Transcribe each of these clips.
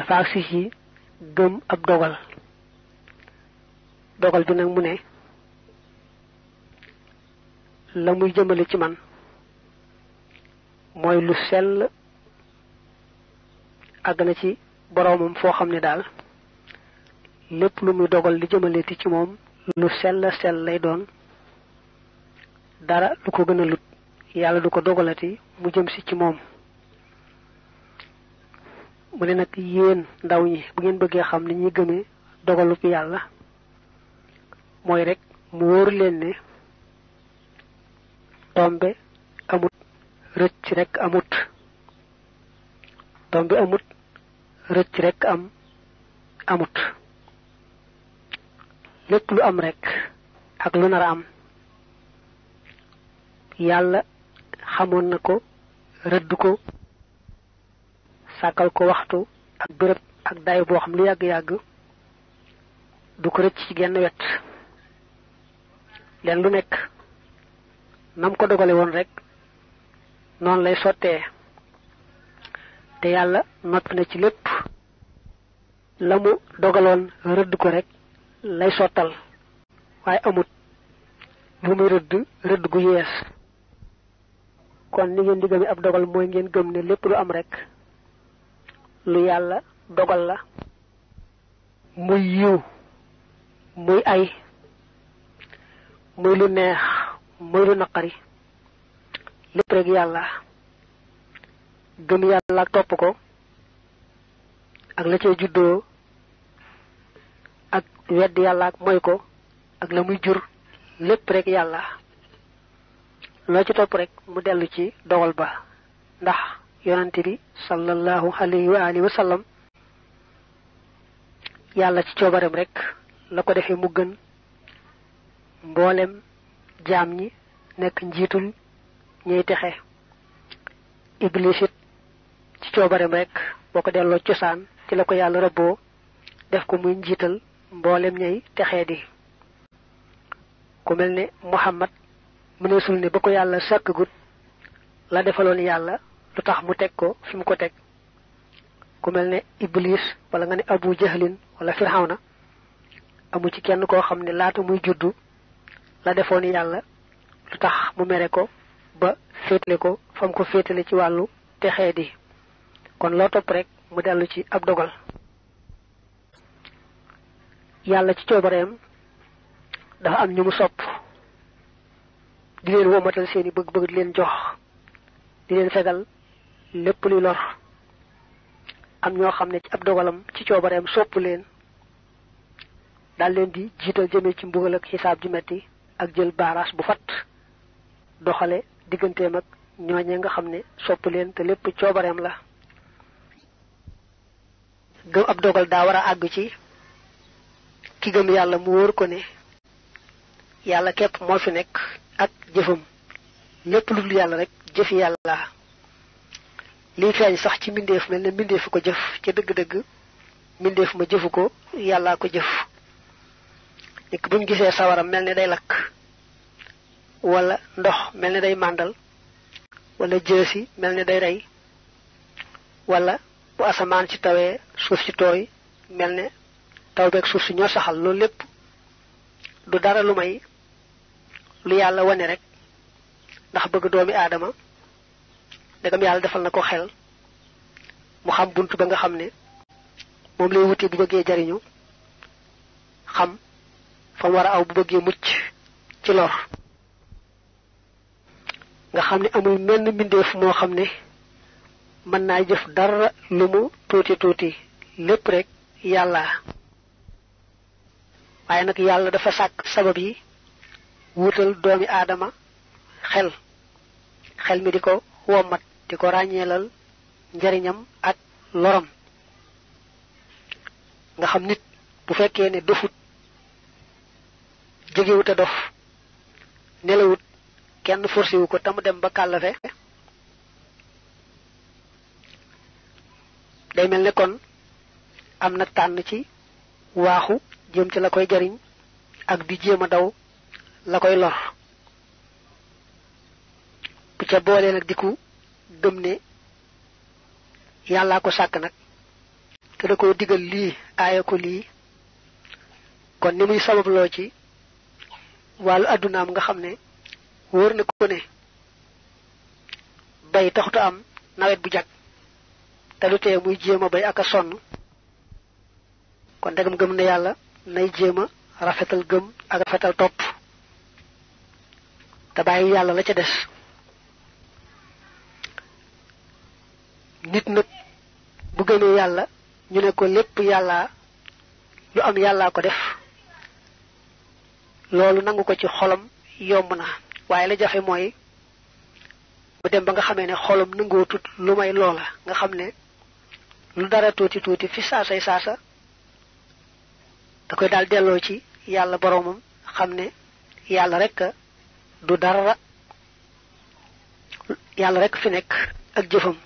dafa agsi ci gëm ab dogal dogal bi nag mu ne la muy jëmale ci man mooy lu sell àgg na ci boroomam foo xam ne daal lépp lu muy dogal li di jëmaleti ci moom lu sell sell lay doon dara lu ko gën a lut yàlla du ko dogalati mu jëm si ci moom mu ne nag yéen ndaw ñi bu ngeen bëggee xam li ñuy gëmee dogalub yàlla mooy rekk mu wóor leen ne tombe amut rëcc rek amut am amut lépp lu am rek ak lu nar am yàlla xamoon na ko rëdd ko sàkkal ko waxtu ak bërëb ak dayo boo xam lu yàgg-yàgg du ko rëcc ci genn wet leen lu nekk nam ko dogale woon rek noonu lay sottee te yàlla noppi na ci lépp la mu dogaloon rëdd ko rek lay sottal waaye amut lu muy rëdd rëdd gu yees kon ni ngeen di gëme ab dogal mooy ngeen gëm ne lépp lu am rek lu yàlla dogal la muy yiw muy ay muy lu neex muy lu naqari lépp rek yàlla gëm yàlla ak topp ko ak la cay juddoo ak wedd yàlla ak moy ko ak la muy jur lépp rekk yàlla loo ci topp rekk mu dellu ci dogal ba ndax yonante bi sallallahu alayhi wa alihi yàlla ci coobareem rek la ko defee mu gën mbooleem jaam ñi nekk njiitul ñuy texe Iblis it ci coobareem rek boo ko delloo cosaan ci la ko yàlla rëbboo def ko muy njiital mbooleem ñay texee di ku mel ni Muhammad mëneesul ne ba ko yàlla sàkkagut la defaloon yàlla lutax mu tek. ko fim ko tek ku melne iblis wala nga ne abu jahlin wala firhauna amu ci kenn ko xamne laata muy juddu la defoon yalla lutax mu mere ko ba fetele ko fam ko fetele ci walu texedi kon lo top rek mu dalu ci ab dogal yalla ci dafa am ñu mu sopp di leen womatal seeni bëgg-bëgg di leen jox di leen fegal lépp lu lor am ñoo xam ne ci ab dogalam ci coobareem sopp leen daal leen di jiital jëmee ci mbugal ak xisaab ju metti ak jël baaraas bu fat doxale digganteem ak ñooñee nga xam ne sopp leen te lépp coobareem la gëm ab dogal daa war àgg ci ki gëm yàlla mu wóor ko ne yàlla képp moo fi nekk ak jëfam lépp lu dul yàlla rek jëfi yàlla liy feeñ sax ci mbindeef mel ne mbindeef ko jëf ca dëgg-dëgg mbindeef ma jëfu ko yàllaa ko jëf nekk bu ñu gisee sawaram mel ne day lakk wala ndox mel ni day màndal wala jësi mel ne day rey wala bu asamaan ci tawee suuf ci tooy mel ne taw suuf si ñoo saxal loolu lépp du dara lu may lu yàlla wane rek ndax bëgg doomi aadama dagam yàlla defal na ko xel mu xam buntu ba nga xam ne moom lay wuti bu bëggee jariñu xam fa war a aw bu bëggee mucc ci lor nga xam ne amul menn mbindeef moo xam ne mën naa jëf dara lu mu tuuti tuuti lépp rek yàlla waaye nag yàlla dafa sàkk sabab yi wutal doomi aadama xel xel mi di ko di ko ràññeelal njariñam ak lorom nga xam nit bu fekkee ne dofut jógewut a dof nelawut kenn forcé wu ko tamu dem ba kàllafe day mel ne kon am na tànn ci waaxu jëm ci la koy jariñ ak di jéem a daw la koy lor bu ca boole diku gëm ne yàllaa ko sàkk nag te da koo digal lii aaya lii kon ni muy sababloo ci wàllu addunaam nga xam ne wóor na ko ne bay taxuta am nawet bu jag te lu tee muy jéem a bay ak a sonn kon dagam gëm ne yàlla nay jéem a rafetal gëm ak rafetal topp te bàyyi yàlla la ca des nit nag bu gëmee yàlla ñu ne ko lépp yàlla lu am yàlla ko def loolu nangu ko ci xolam yomb na waaye la jafe mooy mu dem ba nga xamee ne xolam nangoo tut lu may loola nga xam ne lu dara tuuti tuuti fi saasay saasa da koy daal delloo ci yàlla boroomam xam ne yàlla rek du dara yàlla rek fi nekk ak jëfam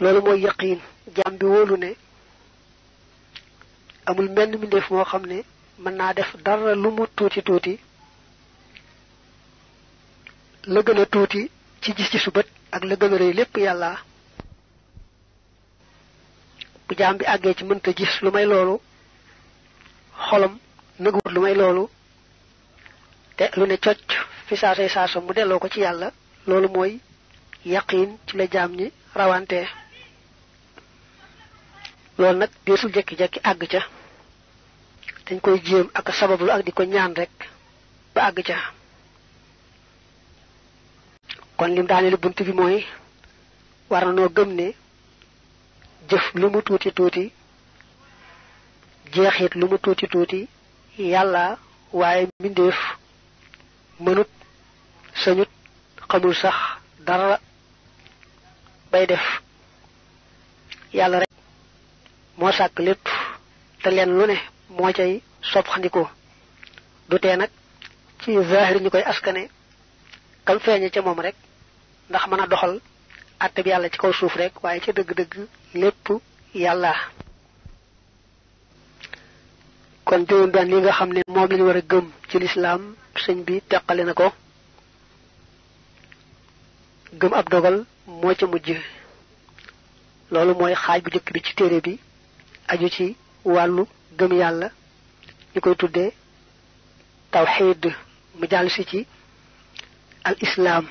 loolu mooy yaqiin jaam bi wóolu ne amul menn mbindeef moo xam ne mën naa def dara lu mu tuuti tuuti la gën a tuuti ci gis ci bët ak la gën a lépp yàlla bu jaam bi àggee ci mënta gis lu may loolu xolam nëguwut lu may loolu te lu ne cocc fi saasay saasa mu delloo ko ci yàlla loolu mooy yaqiin ci la jaam ñi rawante lool nag deesul jekki-jekki àgg ca dañ koy jéem ak sabablu ak di ko ñaan rek ba àgg ca kon lim daane lu bunt bi mooy war nanoo gëm ne jëf lu mu tuuti tuuti jeexit lu mu tuuti tuuti yàlla waaye mbindeef mënut sañut xamul sax dara bay def yàlla moo sàkk lépp te leen lu ne moo cay soppandikoo du tee nag ci zahir ñu koy askane kam feeñe ca moom rek ndax mën a doxal àtte bi yàlla ci kaw suuf rekk waaye ca dëgg-dëgg lépp yàlla kon juróom benn li nga xam ne moom lañu war a gëm ci lislaam sëñ bi teqale na ko gëm ab dogal moo ca mujj loolu mooy xaaj bu njëkk bi ci téere bi aju ci wàllu gëm yàlla ñu koy tuddee tawxiid mu jàll si ci al islaam